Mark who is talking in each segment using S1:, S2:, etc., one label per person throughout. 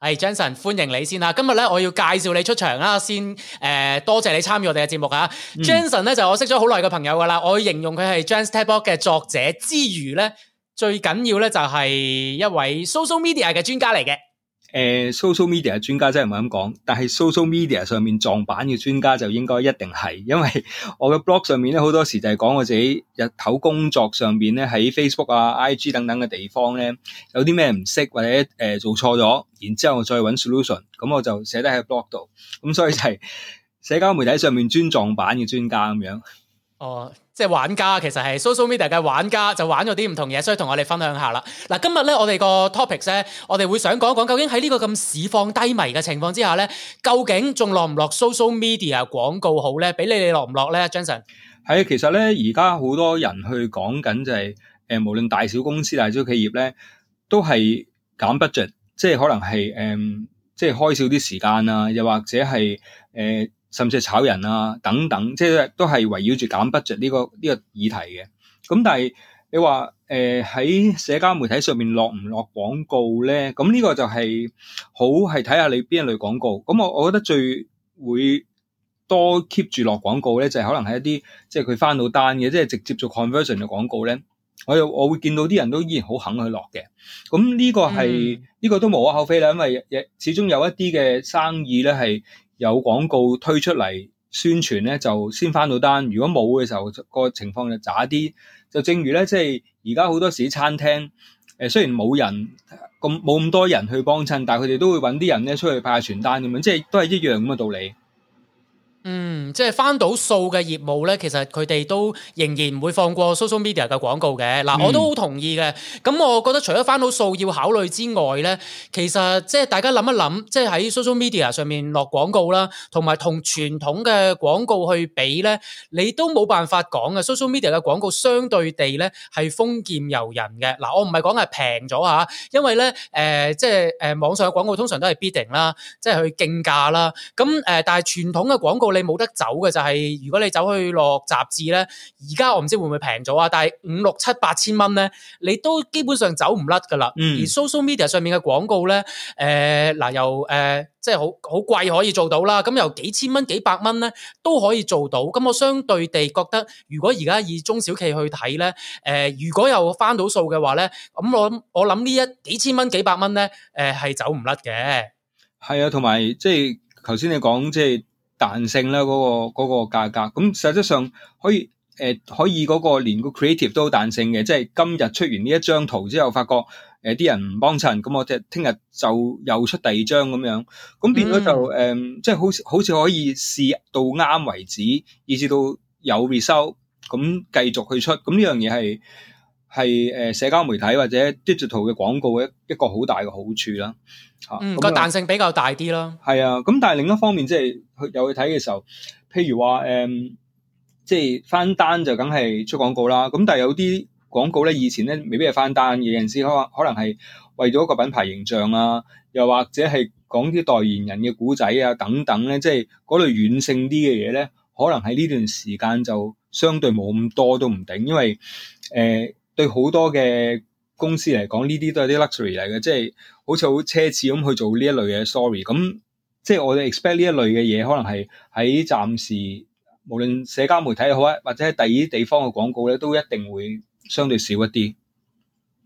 S1: 係 Jansen 歡迎你先啦。今日咧，我要介紹你出場啦。先，誒、呃，多謝你參與我哋嘅節目吓。Jansen 咧就係，我識咗好耐嘅朋友噶啦，我形容佢係 Jansetbox 嘅作者之餘咧，最緊要咧就係一位 social media 嘅專家嚟嘅。
S2: 誒，social media 專家真係唔係咁講，但係 social media 上面撞板嘅專家就應該一定係，因為我嘅 blog 上面咧好多時就係講我自己日頭工作上邊咧喺 Facebook 啊、IG 等等嘅地方咧有啲咩唔識或者誒、呃、做錯咗，然之後再揾 solution，咁我就寫得喺 blog 度，咁所以就係社交媒體上面專撞板嘅專家咁樣。
S1: 哦，即係玩家，其實係 social media 嘅玩家，就玩咗啲唔同嘢，所以同我哋分享下啦。嗱，今日咧我哋個 topics 咧，我哋會想講一講，究竟喺呢個咁市況低迷嘅情況之下咧，究竟仲落唔落 social media 廣告好咧？俾你，
S2: 你落唔落咧，Jason？係啊，其實咧而家好多人去講緊就係，誒，無論大小公司、大小企業咧，都係減 budget，即係可能係，誒、嗯，即係開少啲時間啊，又或者係，誒、嗯。甚至係炒人啊，等等，即係都係圍繞住減 budget 呢個呢個議題嘅。咁但係你話誒，喺社交媒體上面落唔落廣告咧？咁呢個就係好係睇下你邊一類廣告。咁我我覺得最會多 keep 住落廣告咧，就係可能係一啲即係佢翻到單嘅，即係直接做 conversion 嘅廣告咧。我又我會見到啲人都依然好肯去落嘅。咁呢個係，嗯，呢個都無可厚非啦，因為亦始終有一啲嘅生意咧係，有廣告推出嚟宣傳呢，就先翻到單；如果冇嘅時候，個情況就渣啲。就正如呢，即係而家好多時餐廳誒、呃，雖然冇人冇咁多人去幫襯，但佢哋都會揾啲人呢出去派傳單咁樣，即係都係一樣咁嘅道理。
S1: 嗯，即、就、係、是、翻到數嘅業務咧，其實佢哋都仍然唔會放過 social media 嘅廣告嘅。嗱、嗯，我都好同意嘅。咁我覺得除咗翻到數要考慮之外咧，其實即係大家諗一諗，即係喺 social media 上面落廣告啦，同埋同傳統嘅廣告去比咧，你都冇辦法講嘅。social media 嘅廣告相對地咧係豐儉由人嘅。嗱，我唔係講係平咗吓，因為咧即係誒網上嘅廣告通常都係 bidding 啦，即係去競價啦。咁、呃、但係傳統嘅廣告咧。你冇得走嘅就係，如果你走去落雜誌咧，而家我唔知會唔會平咗啊？但係五六七八千蚊咧，你都基本上走唔甩噶啦。嗯，而 social media 上面嘅廣告咧，誒，嗱又誒，即係好好貴可以做到啦。咁由幾千蚊幾百蚊咧，都可以做到。咁我相對地覺得，如果而家以中小企去睇咧，誒，如果有翻到數嘅話咧，咁我我諗呢一幾千蚊幾百蚊咧，誒，係走唔甩嘅。
S2: 係啊，同埋即係頭先你講即係。彈性啦，嗰、嗰個嗰個價格，咁實質上可以、呃、可以嗰、嗰個連個 creative 都彈性嘅，即係今日出完呢一張圖之後，發覺啲、呃、人唔幫襯，咁我聽聽日就又出第二張咁樣，咁變咗就誒，即、呃、係好似好似可以試到啱為止，以至到有 result，咁繼續去出，咁呢樣嘢係。係誒，社交媒體或者 digital 嘅廣告一一個好大嘅好處啦、嗯，吓個彈
S1: 性比較大啲啦
S2: 係啊，咁但係另一方面，即係去又去睇嘅時候，譬如話誒，即係、嗯、翻單就梗係出廣告啦。咁但係有啲廣告咧，以前咧未必係翻單，有陣時可可能係為咗個品牌形象啊，又或者係講啲代言人嘅古仔啊等等咧，即係嗰類軟性啲嘅嘢咧，可能喺呢段時間就相對冇咁多都唔定，因為誒。呃對好多嘅公司嚟講，呢啲都係啲 luxury 嚟嘅，即係好似好奢侈咁去做呢一類嘅 story 咁，即係我哋 expect 呢一類嘅嘢，可能係喺暫時無論社交媒體好呀，或者喺第二地方嘅廣告咧，都一定會相對少一啲。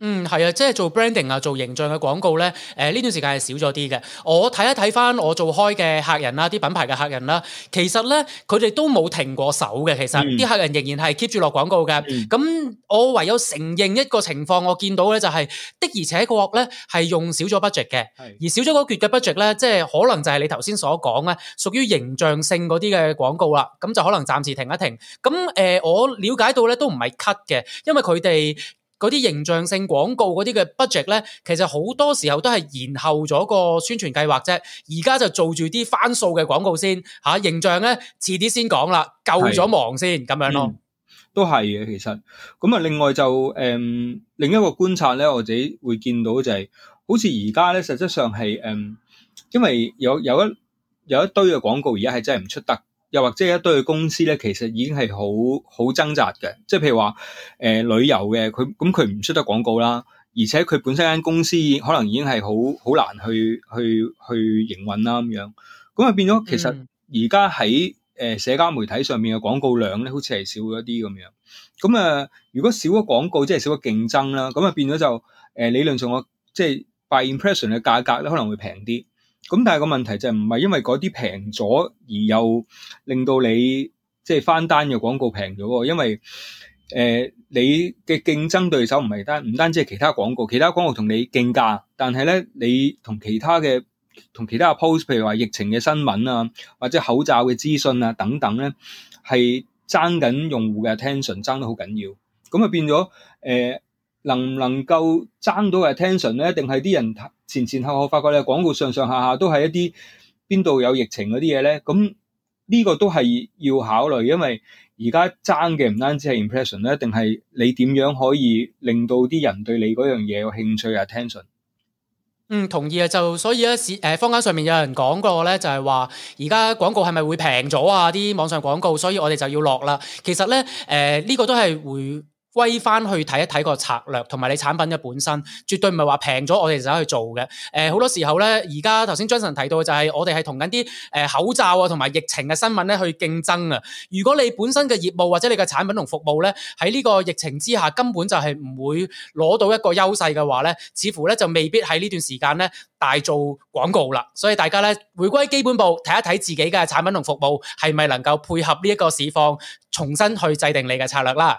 S1: 嗯，係啊，即係做 branding 啊，做形象嘅廣告咧，誒、呃、呢段時間係少咗啲嘅。我睇一睇翻我做開嘅客人啦，啲品牌嘅客人啦，其實咧佢哋都冇停過手嘅。其實啲、嗯、客人仍然係 keep 住落廣告嘅。咁、嗯、我唯有承認一個情況，我見到咧就係、是、的而且確咧係用少咗 budget 嘅，而少咗嗰橛嘅 budget 咧，即係可能就係你頭先所講咧，屬於形象性嗰啲嘅廣告啦。咁就可能暫時停一停。咁、呃、我了解到咧都唔係 cut 嘅，因為佢哋。嗰啲形象性廣告嗰啲嘅 budget 咧，其實好多時候都係延後咗個宣傳計劃啫。而家就做住啲翻數嘅廣告先、啊、形象咧遲啲先講啦，夠咗
S2: 忙先咁樣咯、嗯。都係嘅，其實咁啊。另外就誒、嗯、另一個觀察咧，我自己會見到就係、是，好似而家咧，實質上係誒、嗯，因為有有一有一堆嘅廣告而家係真係唔出得。又或者一堆公司咧，其實已經係好好掙扎嘅，即係譬如話誒、呃、旅遊嘅佢，咁佢唔出得廣告啦，而且佢本身間公司可能已經係好好難去去去營運啦咁樣，咁啊變咗其實而家喺誒社交媒體上面嘅廣告量咧，好似係少咗啲咁樣。咁啊、呃，如果少咗廣告，即係少咗競爭啦，咁啊變咗就誒、呃、理論上個即係 by impression 嘅價格咧，可能會平啲。咁但係個問題就係唔係因為嗰啲平咗，而又令到你即係、就是、翻單嘅廣告平咗，因為誒、呃、你嘅競爭對手唔係單唔單止係其他廣告，其他廣告同你競價，但係咧你同其他嘅同其他嘅 post，譬如話疫情嘅新聞啊，或者口罩嘅資訊啊等等咧，係爭緊用戶嘅 attention，爭得好緊要。咁啊變咗誒、呃，能唔能夠爭到嘅 attention 咧？定係啲人？前前後後發覺咧，廣告上上下下都係一啲邊度有疫情嗰啲嘢咧，咁呢個都係要考慮，因為而家爭嘅唔單止係 impression 咧，定係你點樣可以令到啲人對你嗰樣嘢有興趣啊？Attention，
S1: 嗯，同意啊，就所以咧，誒坊間上面有人講過咧，就係話而家廣告係咪會平咗啊？啲網上廣告，所以我哋就要落啦。其實咧，誒呢個都係會。歸翻去睇一睇個策略，同埋你產品嘅本身，絕對唔係話平咗我哋就走去做嘅。誒、呃，好多時候咧，而家頭先 j 晨提到就係、是、我哋係同緊啲誒口罩啊，同埋疫情嘅新聞咧去競爭啊。如果你本身嘅業務或者你嘅產品同服務咧，喺呢個疫情之下根本就係唔會攞到一個優勢嘅話咧，似乎咧就未必喺呢段時間咧大做廣告啦。所以大家咧回歸基本部睇一睇自己嘅產品同服務係咪能夠配合呢一個市況，重新去制定你嘅策略啦。